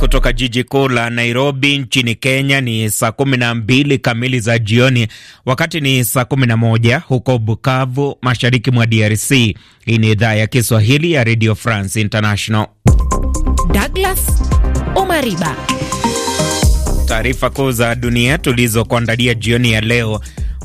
kutoka jiji kuu la Nairobi nchini Kenya ni saa kumi na mbili kamili za jioni, wakati ni saa kumi na moja huko Bukavu, mashariki mwa DRC. Hii ni idhaa ya Kiswahili ya Radio France International. Douglas Omariba, taarifa kuu za dunia tulizokuandalia jioni ya leo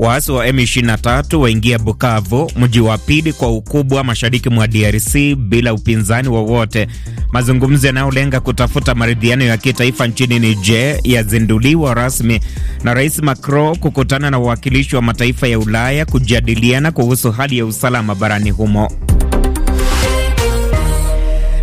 Waasi wa M23 waingia Bukavu, mji wa pili kwa ukubwa mashariki mwa DRC, bila upinzani wowote. Mazungumzo yanayolenga kutafuta maridhiano ya kitaifa nchini Niger yazinduliwa rasmi na Rais Macron kukutana na wawakilishi wa mataifa ya Ulaya kujadiliana kuhusu hali ya usalama barani humo.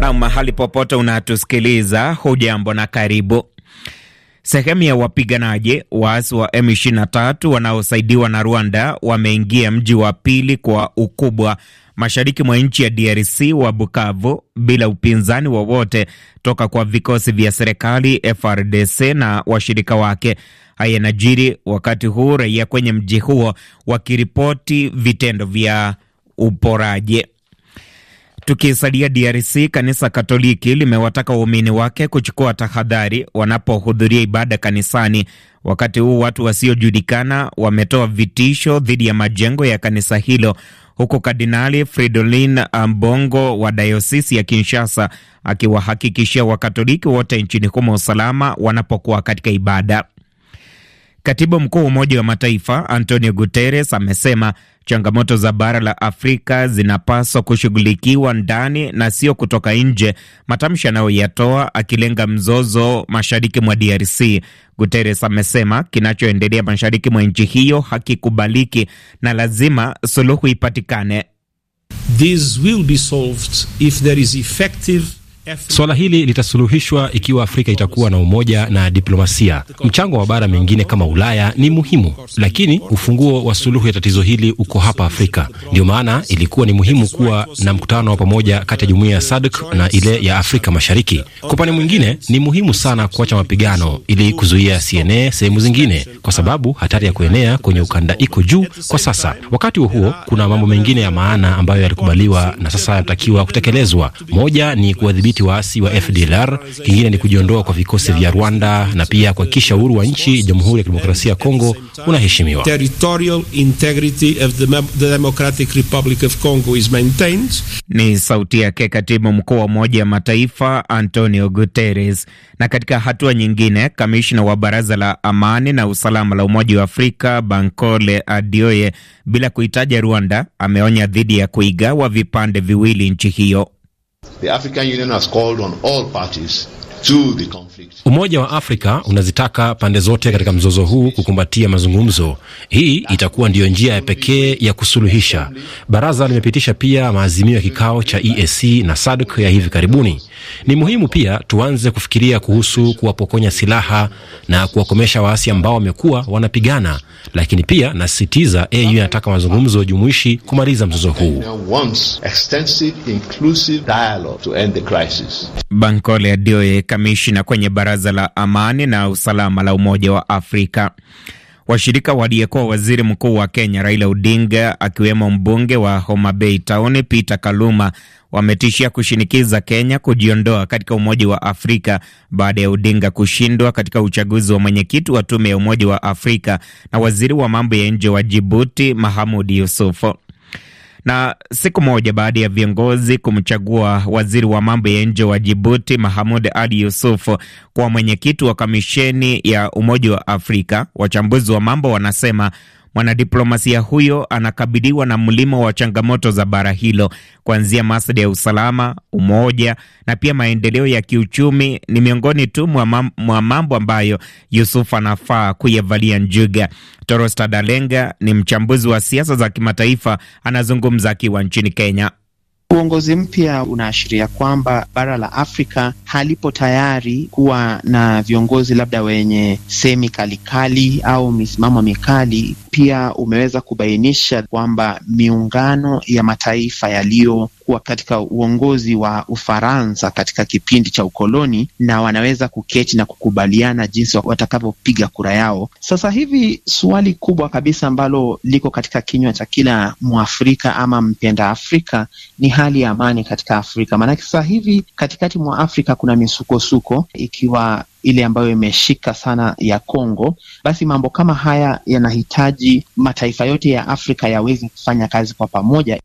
Na mahali popote unatusikiliza, hujambo na karibu. Sehemu ya wapiganaji waasi wa M23 wanaosaidiwa na Rwanda wameingia mji wa pili kwa ukubwa mashariki mwa nchi ya DRC wa Bukavu bila upinzani wowote toka kwa vikosi vya serikali FRDC na washirika wake. Haya najiri wakati huu raia kwenye mji huo wakiripoti vitendo vya uporaji. Tukisalia DRC, kanisa Katoliki limewataka waumini wake kuchukua tahadhari wanapohudhuria ibada kanisani, wakati huu watu wasiojulikana wametoa vitisho dhidi ya majengo ya kanisa hilo, huku Kardinali Fridolin Ambongo wa dayosisi ya Kinshasa akiwahakikishia Wakatoliki wote nchini humo usalama wanapokuwa katika ibada. Katibu mkuu wa Umoja wa Mataifa Antonio Guterres amesema changamoto za bara la Afrika zinapaswa kushughulikiwa ndani na sio kutoka nje, matamshi anayoyatoa akilenga mzozo mashariki mwa DRC. Guterres amesema kinachoendelea mashariki mwa nchi hiyo hakikubaliki na lazima suluhu ipatikane. This will be solved if there is effective Swala hili litasuluhishwa ikiwa Afrika itakuwa na umoja na diplomasia. Mchango wa bara mengine kama Ulaya ni muhimu, lakini ufunguo wa suluhu ya tatizo hili uko hapa Afrika. Ndiyo maana ilikuwa ni muhimu kuwa na mkutano wa pamoja kati ya jumuiya ya SADC na ile ya Afrika Mashariki. Kwa upande mwingine, ni muhimu sana kuacha mapigano ili kuzuia sienee sehemu zingine, kwa sababu hatari ya kuenea kwenye ukanda iko juu kwa sasa. Wakati huo huo, kuna mambo mengine ya maana ambayo yalikubaliwa na sasa yanatakiwa kutekelezwa. Moja ni kuwadhibiti kudhibiti waasi wa FDLR, kingine ni kujiondoa kwa vikosi vya Rwanda na pia kuhakikisha uhuru wa nchi Jamhuri ya Kidemokrasia ya Kongo unaheshimiwa. Ni sauti yake katibu mkuu wa Umoja wa Mataifa Antonio Guterres. Na katika hatua nyingine, kamishna wa Baraza la Amani na Usalama la Umoja wa Afrika Bankole Adioye, bila kuitaja Rwanda, ameonya dhidi ya kuigawa vipande viwili nchi hiyo. The African Union has called on all parties Umoja wa Afrika unazitaka pande zote katika mzozo huu kukumbatia mazungumzo. Hii itakuwa ndiyo njia ya pekee ya kusuluhisha. Baraza limepitisha pia maazimio ya kikao cha EAC na SADC ya hivi karibuni. Ni muhimu pia tuanze kufikiria kuhusu kuwapokonya silaha na kuwakomesha waasi ambao wamekuwa wanapigana, lakini pia nasisitiza, AU inataka mazungumzo jumuishi kumaliza mzozo huu. Bankole Adioye kamishna kwenye baraza la amani na usalama la Umoja wa Afrika. Washirika waliyekuwa waziri mkuu wa Kenya Raila Odinga akiwemo mbunge wa Homa Bay Town Peter Kaluma wametishia kushinikiza Kenya kujiondoa katika Umoja wa Afrika baada ya Odinga kushindwa katika uchaguzi wa mwenyekiti wa tume ya Umoja wa Afrika na waziri wa mambo ya nje wa Jibuti Mahamud Yusufu. Na siku moja baada ya viongozi kumchagua waziri wa mambo ya nje wa Jibuti Mahamud Ali Yusuf kwa mwenyekiti wa kamisheni ya Umoja wa Afrika, wachambuzi wa mambo wanasema Mwanadiplomasia huyo anakabiliwa na mlima wa changamoto za bara hilo, kuanzia masuala ya usalama, umoja na pia maendeleo ya kiuchumi ni miongoni tu mwa mambo ambayo Yusuf anafaa kuyavalia njuga. Torostadalenga ni mchambuzi wa siasa za kimataifa, anazungumza akiwa nchini Kenya. Uongozi mpya unaashiria kwamba bara la Afrika halipo tayari kuwa na viongozi labda wenye semi kalikali au misimamo mikali. Pia umeweza kubainisha kwamba miungano ya mataifa yaliyo kuwa katika uongozi wa Ufaransa katika kipindi cha ukoloni, na wanaweza kuketi na kukubaliana jinsi watakavyopiga kura yao. Sasa hivi swali kubwa kabisa ambalo liko katika kinywa cha kila Mwafrika ama mpenda Afrika ni hali ya amani katika Afrika, maanake sasa hivi katikati mwa Afrika kuna misukosuko ikiwa ile ambayo imeshika sana ya Kongo, basi mambo kama haya yanahitaji mataifa yote ya Afrika yaweze kufanya kazi kwa pamoja.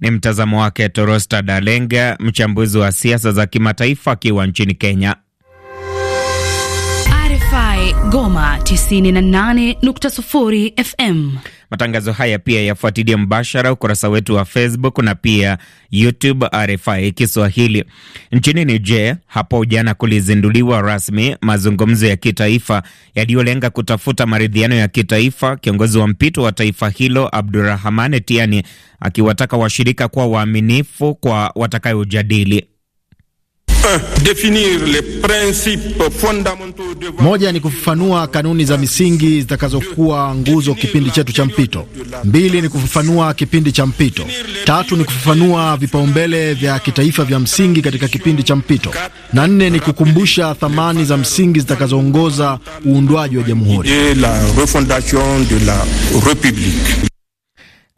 Ni mtazamo wake Torosta Dalenga, mchambuzi wa siasa za kimataifa akiwa nchini Kenya. RFI Goma 98.0 FM. Matangazo haya pia yafuatilia mbashara ukurasa wetu wa Facebook na pia YouTube RFI Kiswahili. Nchini Niger hapo jana kulizinduliwa rasmi mazungumzo ya kitaifa yaliyolenga kutafuta maridhiano ya kitaifa, kiongozi wa mpito wa taifa hilo Abdurahmane Tiani akiwataka washirika kuwa waaminifu kwa watakayojadili. Moja ni kufafanua kanuni za misingi zitakazokuwa nguzo kipindi chetu cha mpito. Mbili ni kufafanua kipindi cha mpito. Tatu ni kufafanua vipaumbele vya kitaifa vya msingi katika kipindi cha mpito, na nne ni kukumbusha thamani za msingi zitakazoongoza uundwaji wa jamhuri.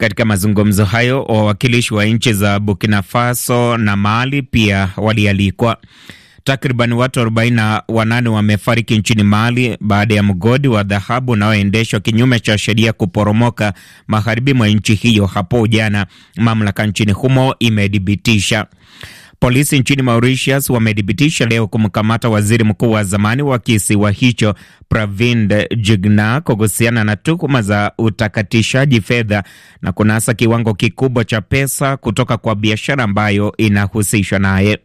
Katika mazungumzo hayo, wawakilishi wa nchi za Burkina Faso na Mali pia walialikwa. Takriban watu 48 wamefariki nchini Mali baada ya mgodi wa dhahabu unaoendeshwa kinyume cha sheria kuporomoka magharibi mwa nchi hiyo hapo jana, mamlaka nchini humo imedhibitisha. Polisi nchini Mauritius wamethibitisha leo kumkamata waziri mkuu wa zamani wa kisiwa hicho Pravind Jugnauth kuhusiana na tuhuma za utakatishaji fedha na kunasa kiwango kikubwa cha pesa kutoka kwa biashara ambayo inahusishwa naye.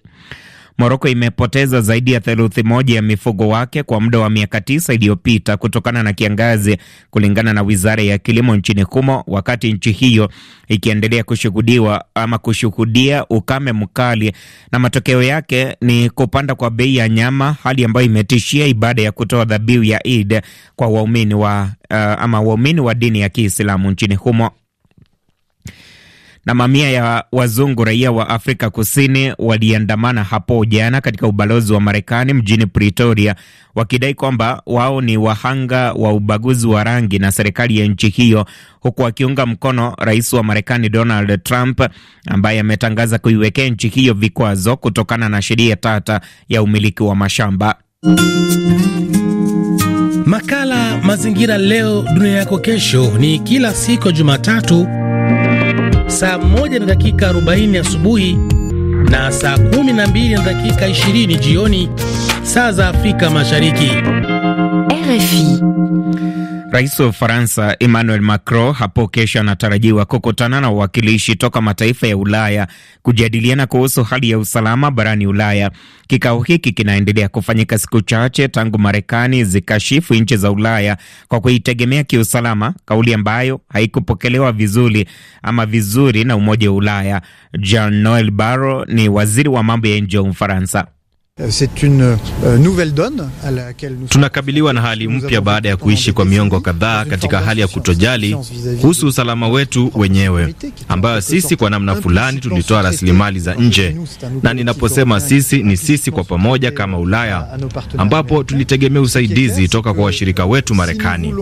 Moroko imepoteza zaidi ya theluthi moja ya mifugo wake kwa muda wa miaka tisa iliyopita kutokana na kiangazi, kulingana na wizara ya kilimo nchini humo, wakati nchi hiyo ikiendelea kushuhudiwa ama kushuhudia ukame mkali, na matokeo yake ni kupanda kwa bei ya nyama, hali ambayo imetishia ibada ya kutoa dhabihu ya Eid kwa waumini wa uh, ama waumini wa dini ya Kiislamu nchini humo. Na mamia ya wazungu raia wa Afrika Kusini waliandamana hapo jana katika ubalozi wa Marekani mjini Pretoria, wakidai kwamba wao ni wahanga wa ubaguzi wa rangi na serikali ya nchi hiyo, huku wakiunga mkono rais wa Marekani Donald Trump ambaye ametangaza kuiwekea nchi hiyo vikwazo kutokana na sheria tata ya umiliki wa mashamba. Makala Mazingira Leo Dunia Yako Kesho ni kila siku Jumatatu saa moja na dakika 40 asubuhi na saa 12 na dakika 20 jioni saa za Afrika Mashariki. RFI Rais wa Ufaransa Emmanuel Macron hapo kesho anatarajiwa kukutana na wawakilishi toka mataifa ya Ulaya kujadiliana kuhusu hali ya usalama barani Ulaya. Kikao hiki kinaendelea kufanyika siku chache tangu Marekani zikashifu nchi za Ulaya kwa kuitegemea kiusalama, kauli ambayo haikupokelewa vizuri ama vizuri na Umoja wa Ulaya. Jean Noel Barrot ni waziri wa mambo ya nje wa Ufaransa. Euh, euh, Tunakabiliwa na hali mpya baada ya kuishi kwa miongo kadhaa katika hali ya kutojali kuhusu usalama wetu wenyewe, ambayo sisi kwa namna fulani tulitoa rasilimali za nje. Na ninaposema sisi, ni sisi kwa pamoja kama Ulaya, ambapo tulitegemea usaidizi toka kwa washirika wetu Marekani.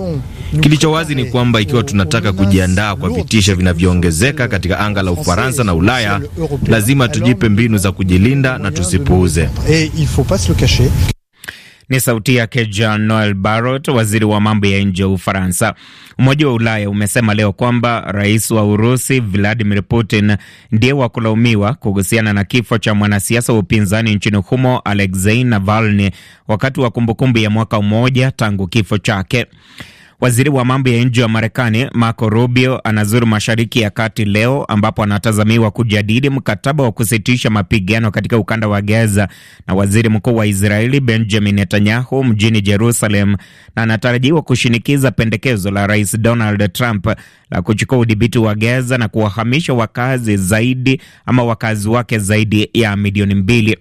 Kilicho wazi ni kwamba ikiwa tunataka kujiandaa kwa vitisho vinavyoongezeka katika anga la Ufaransa na Ulaya, lazima tujipe mbinu za kujilinda na tusipuuze mais il faut pas se le cacher. Ni sauti yake Jean Noel Barrot, waziri wa mambo ya nje wa Ufaransa. Umoja wa Ulaya umesema leo kwamba rais wa Urusi Vladimir Putin ndiye wa kulaumiwa kuhusiana na kifo cha mwanasiasa wa upinzani nchini humo Alexei Navalny wakati wa kumbukumbu ya mwaka mmoja tangu kifo chake. Waziri wa mambo ya nje wa Marekani Marco Rubio anazuru Mashariki ya Kati leo ambapo anatazamiwa kujadili mkataba wa kusitisha mapigano katika ukanda wa Gaza na waziri mkuu wa Israeli Benjamin Netanyahu mjini Jerusalem, na anatarajiwa kushinikiza pendekezo la Rais Donald Trump la kuchukua udhibiti wa Gaza na kuwahamisha wakazi zaidi ama wakazi wake zaidi ya milioni mbili.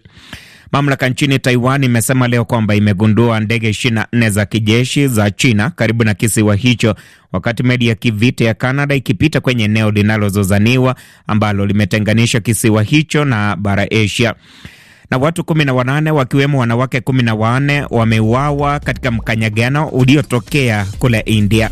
Mamlaka nchini Taiwan imesema leo kwamba imegundua ndege 24 za kijeshi za China karibu na kisiwa hicho, wakati meli ya kivita ya Canada ikipita kwenye eneo linalozozaniwa ambalo limetenganisha kisiwa hicho na bara Asia na watu kumi na wanane wakiwemo wanawake kumi na wanne wameuawa katika mkanyagano uliotokea kule India.